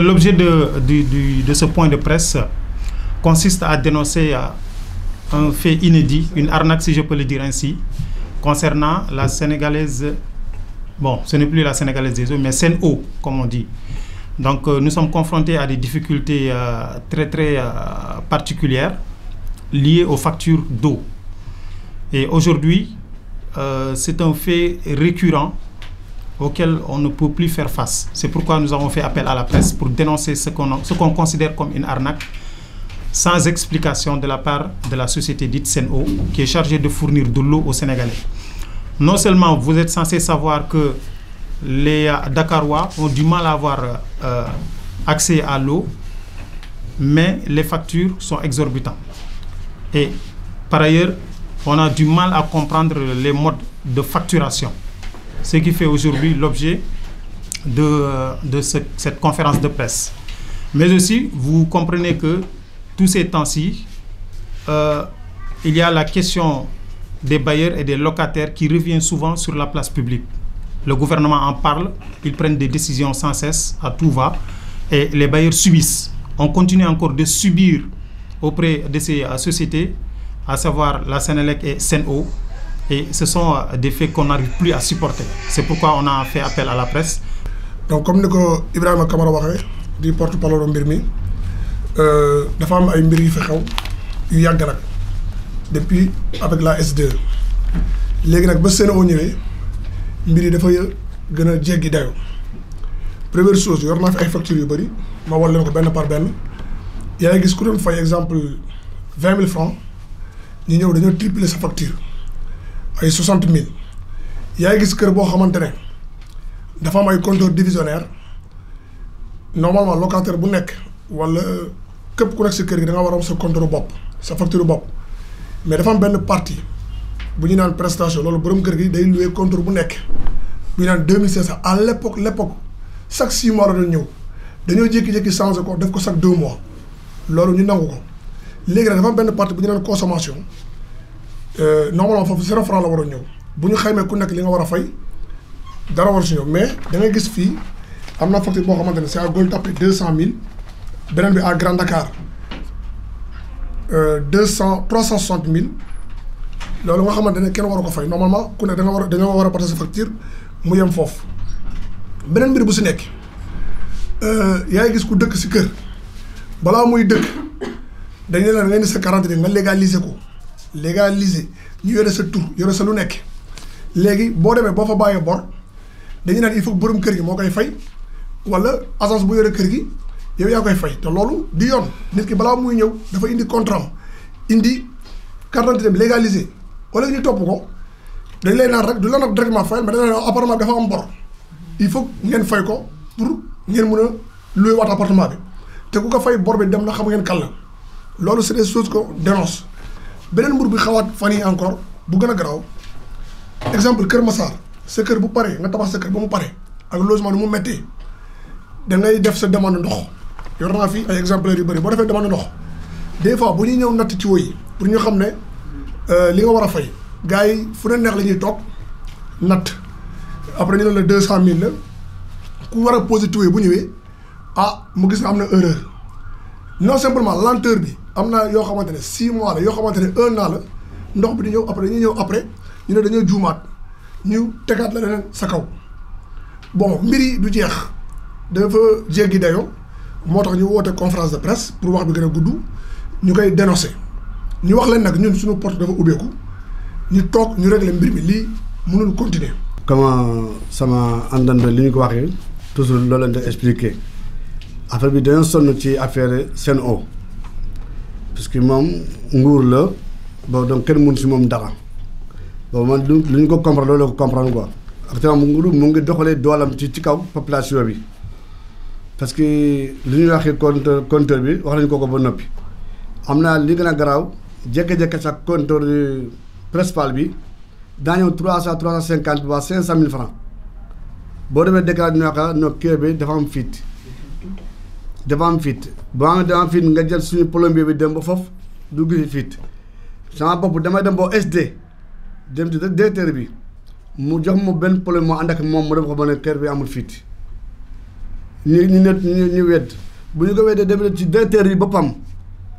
L'objet de, ce point de presse consiste à dénoncer euh, un fait inédit, une arnaque si je peux le dire ainsi, concernant la Sénégalaise, bon ce n'est plus la Sénégalaise des eaux, mais Sénéo, comme on dit. Donc euh, nous sommes confrontés à des difficultés euh, très très particulières liées aux factures d'eau. Et aujourd'hui, c'est un fait récurrent auxquels on ne peut plus faire face. C'est pourquoi nous avons fait appel à la presse pour dénoncer ce qu'on considère comme une arnaque sans explication de la part de la société dite SENO qui est chargée de fournir de l'eau aux Sénégalais. Non seulement vous êtes censé savoir que les euh, Dakarois ont du mal à avoir euh, accès à l'eau, mais les factures sont exorbitantes. Et par ailleurs, on a du mal à comprendre les modes de facturation ce qui fait aujourd'hui l'objet de, euh, cette conférence de presse. Mais aussi, vous comprenez que tous ces temps-ci, euh, il y a la question des bailleurs et des locataires qui revient souvent sur la place publique. Le gouvernement en parle, ils prennent des décisions sans cesse, à tout va, et les bailleurs subissent. On continue encore de subir auprès de ces euh, sociétés, à savoir la Sénélec et Seno, et ce sont euh, des faits qu'on n'arrive plus à supporter. C'est pourquoi on a fait appel à la presse. Donc, comme nous Ibrahim Kamara du porte-parole de Birmi, la femme a une Il qui a depuis avec la S2. Maintenant, nag ba Sénégal ñëwee la yi dafa gën a jéggi dayoo première chose yor naa fi ay factures yu bëri ma une leen ko benn par benn yaa gis ku exemple 20 000 francs ñu a triplé sa facture ay soixante mille yaay gis kër boo xamante ne dafa am ay compteur divisionnaire normalement locataire bu nekk wala képp ku nekk si kër gi da nga war a am sa compteur bopp sa facture bopp mais dafa am benn partie bu ñu naan prestation loolu borom kër gi day loué compteur bu nekk bu ñu naan deux mille cinq à l' époque l' époque chaque six mois la doon ñëw dañoo jékki-jékki changé ko def ko chaque deux mois loolu ñu nangu ko léegi nag dafa am benn partie bu ñu naan consommation Euh, normalement foofu zéro franc la war a ñëw bu ñu xaymee ku nekk li nga war a fay dara war si ñëw mais da ngay gis fii am na facture moo xamante ne c'est à Gueule-Tapée deux cent mille beneen bi à Grand Dakar euh, deux cent trois cent soixante mille loolu nga xamante ne kenn war a ko fay normalement ku ne da nga war a da nga war a porter sa facture mu yem foofu beneen mbir bu si nekk euh, yaay gis ku dëkk si kër balaa muy dëkk dañ ne la nga sa quarante nga légaliser ko. légaliser ñu yore sa tur yore sa lu nekk léegi boo demee boo fa bàyyee bor dañu naan il faut borom kër gi moo koy fay wala agence bu yore kër gi yow yaa koy fay te loolu di yoon nit ki balaa muy ñëw dafa indi contrat indi carte d'identité bi légalisé wala ñu topp ko dañ lay naan rek du la nag directement fayal mais dañ lay appartement bi dafa am bor il faut ngeen fay ko pour ngeen mën a loué waat appartement bi te ku ko fay bor bi dem na xamu ngeen kan loolu c'est des choses qu'on dénonce benen mbur bi xawat fani encore bu gëna graw exemple Kër Massar sa kër bu paré nga tabax sa kër bu mu paré ak logement mu metti da ngay def sa demande ndox yor naa fi ay exemple yu bari bo defé demande ndox des fois bu ñu ñëw natt ci woy pour ñu xamné euh li nga wara fay gaay fu ne neex lañuy tok toog natt après ñu la deux cent la ku wara a posé tuwe bu ñëwee ah mu gis ne am erreur non simplement lenteur bi amna yo xamantene 6 mois la yoo xamante ne an la ndox bi di après dañuy après ñu ne dañoo juumaat ñu tegaat la leneen sa kaw bon mbiri du jeex dafa jéggi dayo moo tax ñu woote conférence de presse pour wax bi gën a gudd ñu koy dénoncer ñu wax leen nag ñun suñu porte dafa ubbeeku ñu toog ñu régler mbir mi lii mënul continuer. comment sama àndandoo li ñu ko waxee toujours loolu lañ doon expliqué affaire bi dañoo sonn ci affaire Sen'Eau. parce que moom nguur la bon donc kenn mun si moom dara bon man lu ñu ko comprendre loolu la ko comprendre quoi actuellement mu nguur mu ngi doxalee doolam ci ci kaw population bi parce que li ñuy waxee compteur compteur bi wax nañu ko ko ba noppi am naa li gën a garaaw jékki-jékki sa compteur principal bi daa ñëw trois cent trois cinquante ba cinq cent mille francs boo demee déclaré ñu ne ko ah non bi dafa am fiit dafa am fit boo xam ne dafa am fit nga jël suñu plombier bi dem ba foofu du gis fit sama bopp damay dem ba SD dem ci directeur bi mu jox mu benn problème moo ànd ak moom mu def ko ba ne kër bi amul fit ñu ñu net ñu ñu wedd bu ñu ko weddee dem ci directeur yi boppam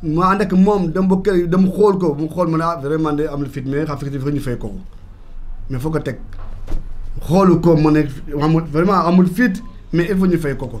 mu ànd ak moom dem ba kër dem xool ko mu xool ma ne ah vraiment de amul fit mais xam nga ñu fay ko mais foo ko teg xoolu ko mu ne amul vraiment amul fit mais il faut ñu fay ko ko.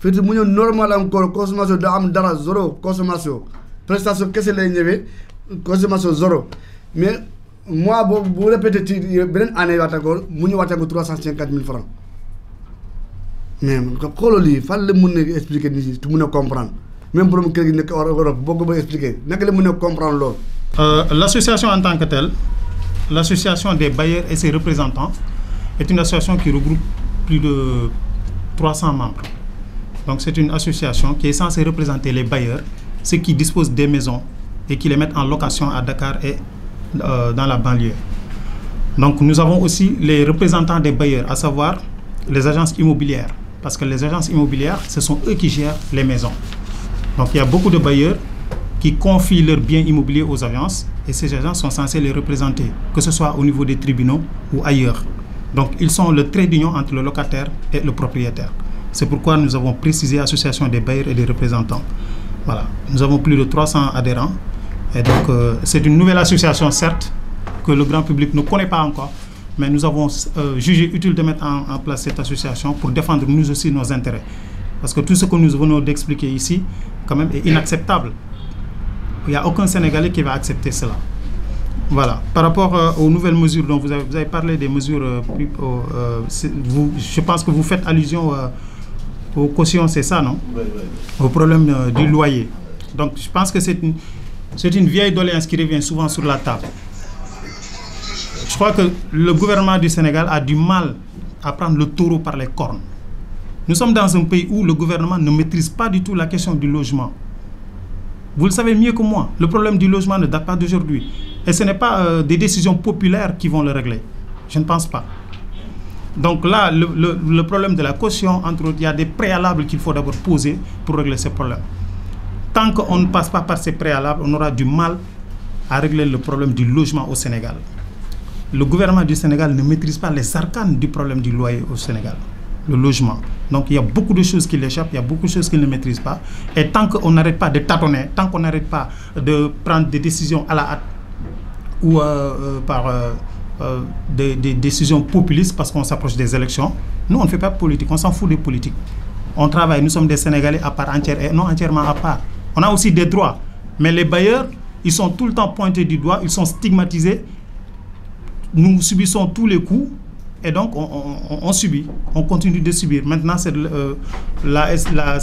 fii mu ñëw normal encore consommation de am dara zéro consommation prestation kese lay ñëwé consommation zéro mais moi je bu répété ci année waat encore mu ñëwaat consommation de 350 000 francs mais ko lii fan la mun na expliquer ni tu te mun comprendre même borom kër gi beaucoup Europe boo ne expliquer nak la comprendre euh l'association en tant que telle l'association des bailleurs et ses représentants est une association qui regroupe plus de 300 membres. Donc c'est une association qui est censée représenter les bailleurs, ceux qui disposent des maisons et qui les mettent en location à Dakar et euh, dans la banlieue. Donc nous avons aussi les représentants des bailleurs, à savoir les agences immobilières. Parce que les agences immobilières, ce sont eux qui gèrent les maisons. Donc il y a beaucoup de bailleurs qui confient leurs biens immobiliers aux agences et ces agences sont censées les représenter, que ce soit au niveau des tribunaux ou ailleurs. Donc ils sont le trait d'union entre le locataire et le propriétaire. C'est pourquoi nous avons précisé association des bailleurs et des représentants. Voilà. Nous avons plus de 300 adhérents. Et donc, euh, c'est une nouvelle association, certes, que le grand public ne connaît pas encore, mais nous avons euh, jugé utile de mettre en, place cette association pour défendre nous aussi nos intérêts. Parce que tout ce que nous venons d'expliquer ici, quand même, est inacceptable. Il n'y a aucun Sénégalais qui va accepter cela. Voilà. Par rapport euh, aux nouvelles mesures dont vous avez, parlé des mesures, vous, je pense que vous faites allusion aux cautions, c'est ça, non Au problème euh, du loyer. Donc je pense que c'est une, c'est une vieille doléance qui revient souvent sur la table. Je crois que le gouvernement du Sénégal a du mal à prendre le taureau par les cornes. Nous sommes dans un pays où le gouvernement ne maîtrise pas du tout la question du logement. Vous le savez mieux que moi, le problème du logement ne date pas d'aujourd'hui. Et ce n'est pas euh, des décisions populaires qui vont le régler. Je ne pense pas. Donc là, le, problème de la caution, entre autres, il y a des préalables qu'il faut d'abord poser pour régler ce problème. Tant qu'on ne passe pas par ces préalables, on aura du mal à régler le problème du logement au Sénégal. Le gouvernement du Sénégal ne maîtrise pas les arcanes du problème du loyer au Sénégal, le logement. Donc il y a beaucoup de choses qui l'échappent, il y a beaucoup de choses qu'il ne maîtrise pas. Et tant qu'on n'arrête pas de tâtonner, tant qu'on n'arrête pas de prendre des décisions à la hâte ou euh, euh, par... Euh, euh, des, décisions populistes parce qu'on s'approche des élections. Nous, on ne fait pas politique, on s'en fout des politiques. On travaille, nous sommes des Sénégalais à part entière, et non entièrement à part. On a aussi des droits, mais les bailleurs, ils sont tout le temps pointés du doigt, ils sont stigmatisés. Nous subissons tous les coups et donc on, subit, on continue de subir. Maintenant, c'est euh, la, la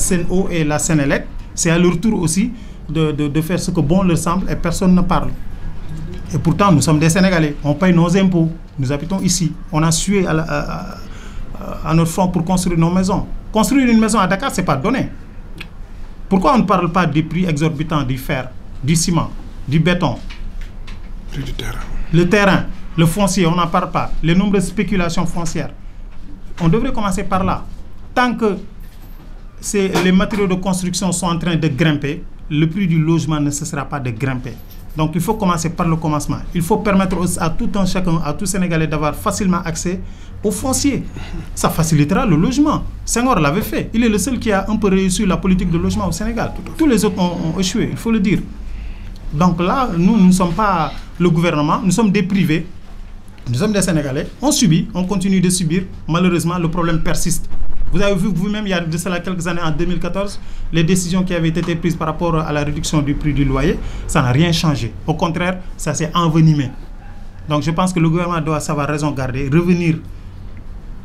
et la CNELEC, c'est à leur tour aussi de, de faire ce que bon leur semble et personne ne parle. Et pourtant, nous sommes des Sénégalais. On paye nos impôts. Nous habitons ici. On a sué à, notre fonds pour construire nos maisons. Construire une maison à Dakar, ce n'est pas donné. Pourquoi on ne parle pas des prix exorbitants du fer, du ciment, du béton du terrain. Le terrain, le foncier, on n'en parle pas. Le nombre de spéculations foncières. On devrait commencer par là. Tant que les matériaux de construction sont en train de grimper, le prix du logement ne cessera pas de grimper. Donc il faut commencer par le commencement. Il faut permettre à tout un chacun, à tout Sénégalais d'avoir facilement accès aux fonciers. Ça facilitera le logement. Senghor l'avait fait. Il est le seul qui a un peu réussi la politique de logement au Sénégal. Tous les autres ont, échoué, il faut le dire. Donc là, nous, nous ne sommes pas le gouvernement, nous sommes des privés, nous sommes des Sénégalais. On subit, on continue de subir. Malheureusement, le problème persiste. Vous avez vu vous-même, il y a de cela quelques années, en 2014, les décisions qui avaient été prises par rapport à la réduction du prix du loyer, ça n'a rien changé. Au contraire, ça s'est envenimé. Donc je pense que le gouvernement doit savoir raison garder, revenir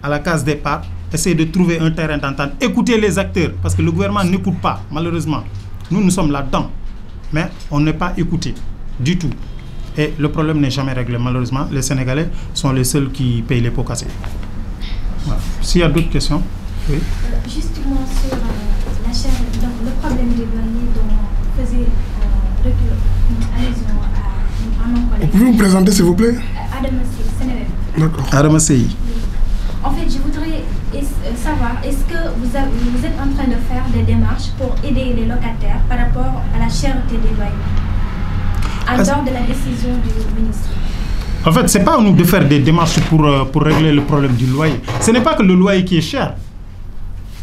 à la case départ, essayer de trouver un terrain d'entente, écouter les acteurs, parce que le gouvernement n'écoute pas, malheureusement. Nous, nous sommes là-dedans, mais on n'est pas écouté du tout. Et le problème n'est jamais réglé, malheureusement. Les Sénégalais sont les seuls qui payent les pots cassés. S'il y a d'autres questions... Oui. Euh, justement sur euh, la chair, donc le problème des loyers dont faisait allusion à, mon collègue. Vous pouvez vous présenter s'il vous plaît euh, Adam D'accord. Adam En fait, je voudrais savoir, est-ce que vous, êtes en train de faire des démarches pour aider les locataires par rapport à la cherté des loyers, en dehors de la décision du ministre En fait, ce n'est pas à nous de faire des démarches pour régler le problème du loyer. Ce n'est pas que le loyer qui est cher.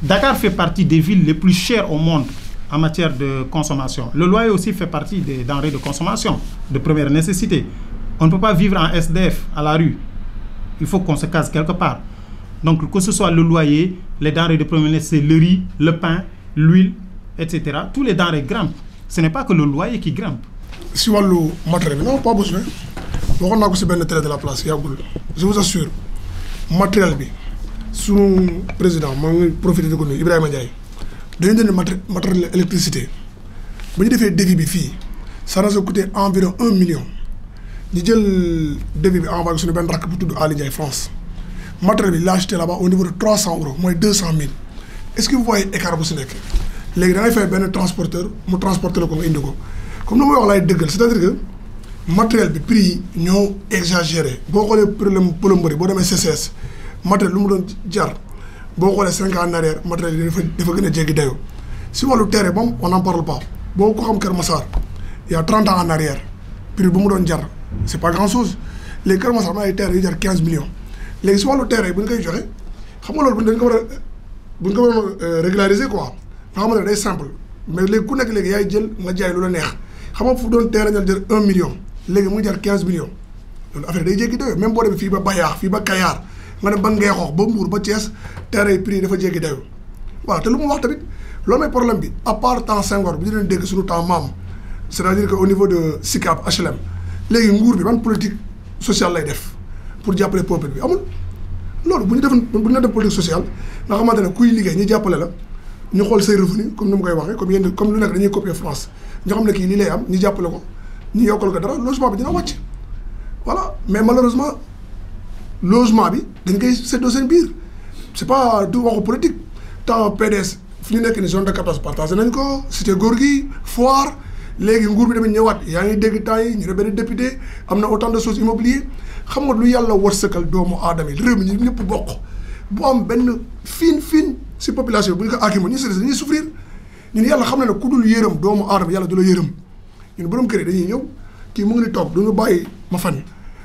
Dakar fait partie des villes les plus chères au monde en matière de consommation. Le loyer aussi fait partie des denrées de consommation de première nécessité. On ne peut pas vivre en SDF à la rue. Il faut qu'on se case quelque part. Donc que ce soit le loyer, les denrées de première nécessité, le riz, le pain, l'huile, etc. Tous les denrées grimpent. Ce n'est pas que le loyer qui grimpe. Si on matériel, non, pas besoin. On a aussi bien de la place. Je vous assure, matériel, sunu président mon ngi profité di ko Ibrahima Ndiaye dañu jënd matériel électricité bu ñu defee devis bi fii ça nous a coûté environ un million ñu jël devis bi envoyé suñu benn rakk bu tudd Ali Ndiaye France matériel bi l'a acheté là-bas au niveau de 300 euros mooy 200 est-ce que vous voyez écart bu si nekk léegi da fay benn transporteur mu transporter la ko nga indi ko comme ni ma wax lay dëggal c'est-à-dire que matériel bi prix yi ñoo exagéré boo xoolee problème plomberie boo demee CCS matériel lu mu doon jar boo xoolee cinq ans en arrière matériel yi dafa dafa gën a jéggi dayoo si walu terre bam on n'en parle pas boo ko xam Kër Massar y' a trente ans en arrière prix bu mu doon jar c'est pas grand chose les Kër Massar ay terrain yu jar quinze millions légui si walu terre buñ koy joxé xam nga lolu buñ ko wara buñ ko wara euh, régulariser quoi nga day simple mais les ku nek légui yaay jël nga jaay lu la neex xam nga fu doon terrain ñu jar un million légui mu jar 15 millions lolu affaire day jéggi dayo même bo demee fi ba Bayaax fi ba kayar nga ne ban ngay xoox ba Mbour ba Thiès terrain prix dafa jéggi dayoo voilà te lu mu wax tamit loolu mooy problème bi à temps Senghor bi ñu leen dégg suñu temps maam c'est-à-dire que au niveau de SICAP HLM léegi nguur bi ban politique sociale lay def pour jàppale peuple bi amul. loolu bu ñu def bu ñu def politique sociale nga xamante ne kuy liggéey ñu jàppale la ñu xool say revenu comme ni mu koy waxee comme yenn comme lu nekk dañuy copier France ñoo xam ne kii lii lay am ñu jàppale ko logement bi dañ koy séddoo seen biir c'est pas du waxu politique temps PDS fi ñu nekk ni zone de catastrophe partagé nañ ko cité góor gi foire léegi nguur bi tamit ñëwaat yaa ngi dégg temps yi ñu ne benn député am na autant de choses immobilier xam nga lu yàlla wërsëgal doomu aadama yi réew mi ñu ñëpp bokk bu am benn fiin fiin si population bu ñu ko aakimoo ñu sëriñ dañuy souffrir ñun yàlla xam na ne ku dul yërëm doomu aadama yàlla du la yërëm ñun borom kër dañuy ñëw kii mu ngi ni toog du ñu bàyyi ma fan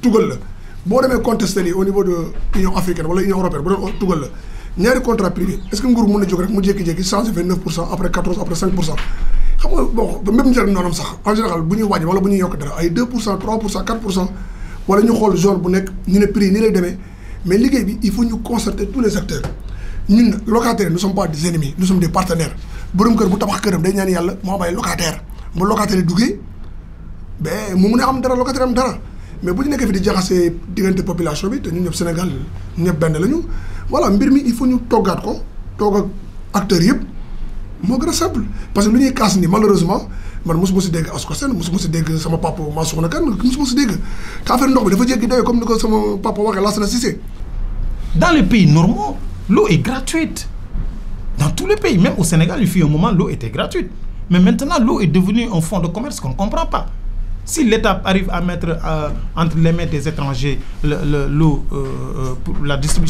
tugal la boo demee contesté nii au niveau de union africaine wala union européenne bu doon tugal la ñaari contrat privé est-ce que nguur mën na jóg rek mu jékki-jékki changé vingt neuf pour cent après quatorze après cinq pour cent xam nga bon ba même njëriñ noonam nekk ñu ne prix nii lay demee mais liggéey bi il faut ñu concerter tous les acteurs ñun locataires nous sommes pas des ennemis nous sommes des partenaires borom kër bu tabax këram day ñaan yàlla am mu am dara locataire am dara mais bu ñu nekkee fi di jaxasee diggante population bi te ñun ñëpp Sénégal ñëpp benn lañu voilà mbir mi il faut ñu toggaat ko togg ak acteurs yëpp moo gën a simple parce que lu ñuy kaas ni malheureusement man mosuma si dégg Ascosen mosuma si dégg sama papa ma soxna kan mosuma si dégg te affaire ndox bi dafa jéggi doyoo comme ni ko sama papa waxee na Cissé. dans les pays normaux l'eau est gratuite dans tous les pays même au Sénégal il fut un moment l'eau était gratuite mais maintenant l'eau est devenue un fonds de commerce qu'on ne comprend pas. Si l'État arrive à mettre euh, entre les mains des étrangers le, l'eau, euh, euh, pour la distribution,